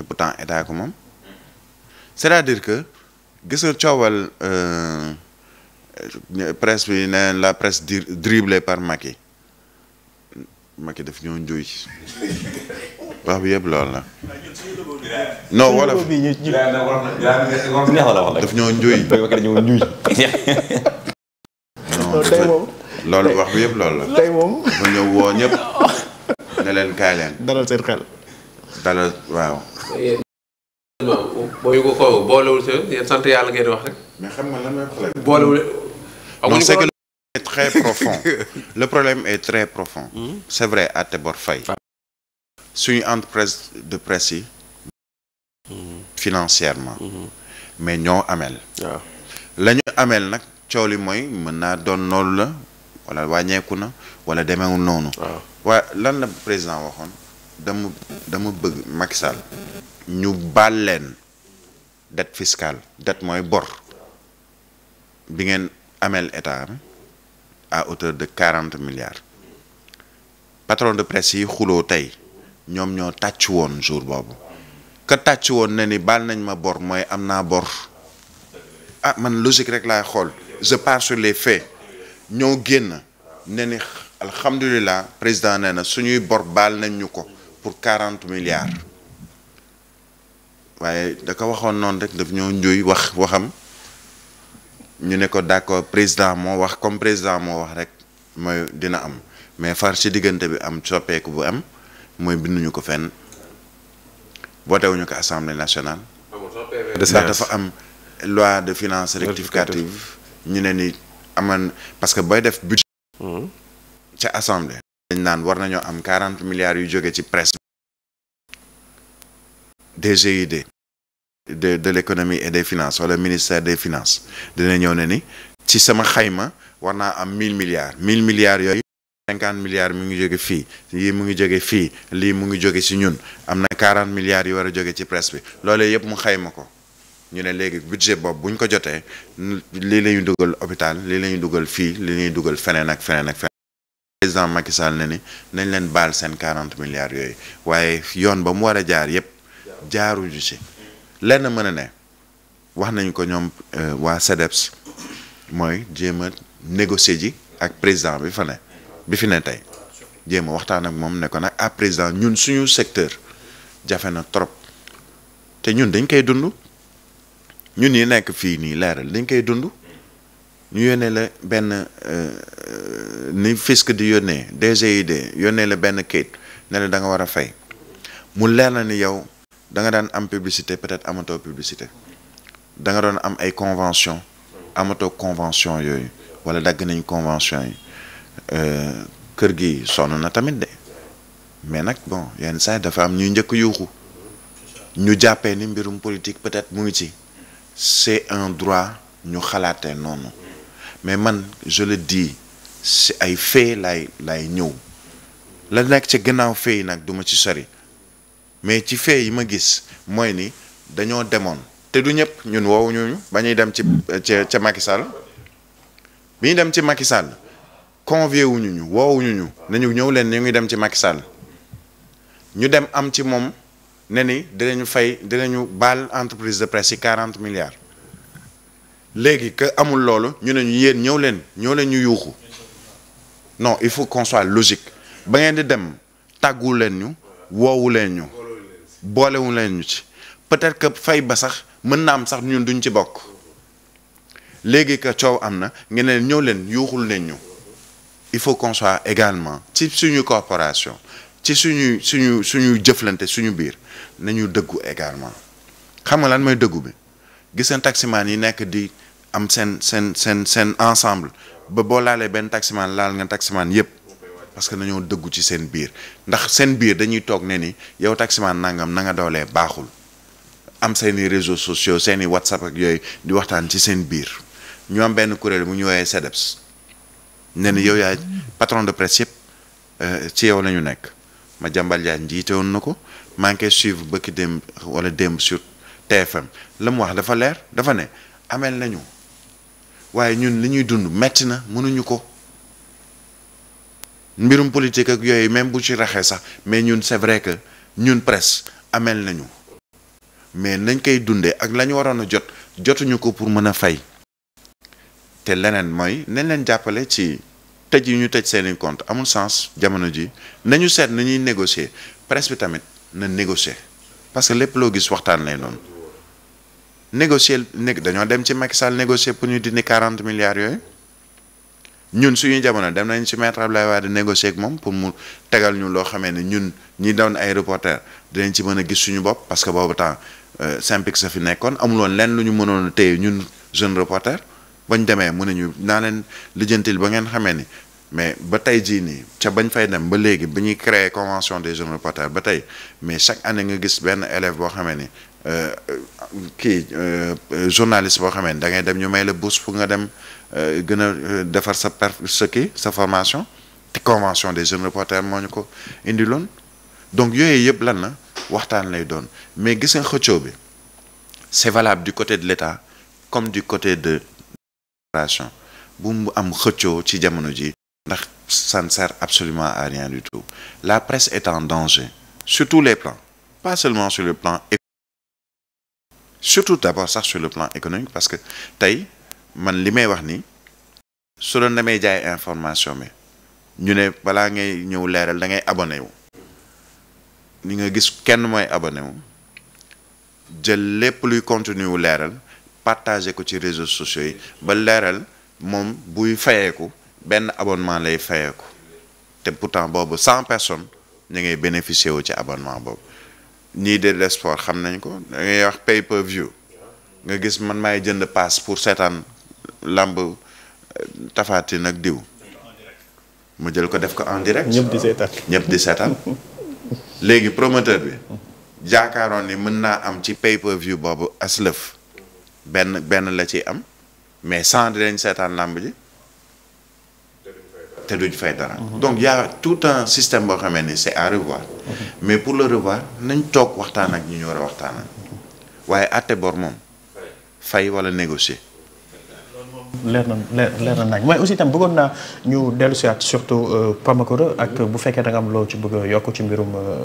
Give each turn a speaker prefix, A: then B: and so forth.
A: te pourtant état ko moom c'est-à-dire que gis coowal euh, presse bi ne la presse dribblée par Macky Macky daf ñoo njuuy wax bi yëpp loolu la non wala loolu wax bi yëpp loolu la tey moom ba ñëw woo ñëpp ne kaay leen dalal seen xel dalal waaw boo ko ko boolewul sa yéen sant yàlla ngeen wax rek. mais xam nga lan mooy problème. boolewul amuñu ko est très profond le problème est très profond. c' est hmm? vrai à Tébor Faye. Ah. suñu entreprise de presse yi. Hmm. financièrement. Hmm. mais ñoo amel. Ah. la ñu amel nag coow li mooy mën naa doon noonu la wala wàññeeku na wala demeewul noonu. waaw ah. waaye lan la président waxoon. dama dama bëgg Macky Sall ñu baal leen dette fiscale dette mooy bor bi ngeen ameel état à hauteur de quarante milliards patron de presse yi xuloo tey ñoom ñoo tàcc woon jour boobu ka tàcc woon na ni baal nañ ma bor mooy am naa bor ah man logique rek laay xool je parce sur les faits ñoo génn ne ni alhamdulilah président nee na suñuy bor baal nañ ñu ko pour quarante milliards waaye da waxoon noonu rek daf ñoo njuy wax waxam ñu ne ko d'accord président moo wax comme président moo wax rek mooy dina am mais far ci diggante bi am soppeeku bu am mooy binduñu ko fenn votewuñu ko assemblée nationale. ndax dafa am loi de finances rectificative ñu ne ni aman parce que booy def budget ca assemblée. dañ naan war nañoo am quarante milliards yu jóge ci presse DGID de de l'économie et des finance wala ministère des finances dina ñëw ne ni ci sama xayma war naa am mille milliards mille milliards yooyu cinquante milliards mu ngi jóge fii lii mu ngi jóge fii lii mu ngi jóge ci ñun am na quarante milliards yi war a jóge ci presse bi loole yëpp mu xayma ko ñu ne léegi budget boobu buñ ko jotee lii la ñu dugal hôpital lii la ñu dugal fii li ñuy dugal feneen ak feneen ak feneen président Macky Sall ne nañ leen baal seen quarante milliards yooyu waaye yoon ba mu war a jaar yëpp jaaru ju ci lenn mën a ne wax nañ ko ñoom euh, waa SEDEPS mooy jéem a négocier ji ak président bi fa ne bi fi ne tey jéema waxtaan ak moom ne ko nag ah président ñun suñu secteur jafe na trop te ñun dañ koy dund ñun yi nekk fii nii leeral dañ koy dund ñu yónnee la benn. Euh, ni fisc di yónnee DGID yónnee la benn kayit ne la da nga war a fay mu leer na ni yow da nga daan am publicité peut-être amatoo publicité danga doon am ay convention amatoo convention yooyu wala dagg nañ convention yi euh, kër gi sonn na tamit de mais nag bon yenn saa yi dafa am ñuy njëkk yuuxu ñu jàppee ni mbirum politique peut-être mu ngi ci c'est un droit ñu xalaatee noonu mais man je le dis si ay fee lay laay ñëw la nekk ca gannaaw fee yi nag duma ci sori mais ci fee yi ma gis mooy ni dañoo demoon te du ñëpp ñun woowuñu ñooñu ba ñuy dem ci ca ca Macky bi ñu dem ci Macky Sall convié wuñu ñu woowuñu ñu ñëw leen ñu ngi dem ci Macky ñu dem am ci moom ne ni dinañu fay dinañu baal entreprise de presse yi quarante milliards léegi que amul loolu ñu ne ñu yéen ñëw leen ñëw leen ñu yuuxu. non il faut qu'on soit logique ba ngeen di dem tàggu leen ñu woowu leen ñu boolewu leen ñu ci peut-être que fay ba sax mën na am sax ñun duñ ci bokk léegi que coow am na ngeen ne ñëw leen yuuxul leen ñu il faut qu'on soit également ci suñu coopération ci suñu suñu suñu jëflante suñu biir nañu dëggu également xam nga lan mooy dëggu bi gis nga taximaan yi nekk di am seen seen seen seen ensemble ba boo laalee benn taximaan laal nga taximaan yëpp parce que nañoo dëggu ci seen biir ndax seen biir dañuy toog ne ni yow taximaan nangam na nga doolee baaxul am seeni réseaux sociaux seeni whatsapp ak yooyu di waxtaan ci seen biir ñu am benn kuréel bu ñu woowee SEDEPS ne ni yow yaay patron de presse yëpp euh, ci yow la ñu nekk ma jàmbal yaa njiite woon na ko maa ngi koy suivre bëkki démb wala démb sur TFM la mu wax dafa leer dafa ne amel nañu waaye ñun li ñuy dund metti na mënuñu ko mbirum politique ak yooyu même bu ci raxee sax mais ñun c'est vrai que ñun presse amel nañu mais nañ koy dundee ak la ñu waroon a jot jotuñu ko pour mën a fay te leneen mooy nañ leen jàppale ci tëj yi ñu tëj seeni compte amul sens jamono ji nañu seet na ñuy négocier presse bi tamit na négocier parce que lépp loo gis waxtaan lay noonu négocier nég dañoo dem ci Macky Sall négocier pour ñu dindi quarante milliards yooyu ñun suñu jamono dem nañ ci maître Abdoulaye Wade négocier ak moom pour mu tegal ñu loo xamee ne ñun ñi doon ay reporter dinañ ci mën a gis suñu bopp parce que boobu temps Synpics euh, sa fi nekkoon amuloon lenn lu ñu mënoon a ñun jeune reporter bañ demee mu ne ñu naa leen lijjantil ba ngeen xamee ni mais ba tey jii nii ca bañ fay dem ba léegi bi ñuy créer convention des jeunes reporters ba tey mais chaque année nga gis benn élève boo xamee ni Euh, kii euh, journaliste boo xamee da ngay dem ñu may la bourse pour nga dem euh, gën a defar sa per sa kii sa formation te convention des jeunes reporters moo ñu ko indi loon donc yooyu yëpp lan na waxtaan lay doon mais gis nga bi c'est valable du côté de l'État comme du côté de l'administration bu mu am xëcco ci jamono ji ndax ça ne sert absolument à rien du tout la presse est en danger sur les plans pas seulement sur le plan surtout d'abord sax sur le plan économique parce que tey man li may wax ni solo doon damay jaay information mi ñu ne balaa ngay ñëw leeral da ngay abonné wu ni nga gis kenn mooy abonné wu jël lépp luy contenu wu leeral partager ko ci réseau sociaux yi ba leeral moom buy fayeeku benn abonnement lay fayeeku te pourtant boobu cent personnes ñu ngay bénéficier wu ci abonnement boobu ñii de l'espoir xam nañ ko da wax pay per view nga gis man maay jënd paas pour seetaan làmb eh, tafaati nag diw mu jël ko def ko en direct ñëpp di seetaan ñëpp di seetaan léegi promoteur bi jaakaaroon ni mën naa am ci pay per view boobu aslëf benn benn la ci am mais sans dinañ seetaan làmb ji te duñ fay dara. donc y a tout un système boo xamee ni c'est à revoir. mais pour le revoir nañ toog waxtaan ak ñi ñu war a waxtaanal waaye àtte bor moom. fay wala négocier. leer na leer na nañ waaye aussi tam bëggoon naa ñu dellu si at surtout euh, Pamakora ak bu fekkee da am loo ci bëgg yokk ci mbirum. Euh,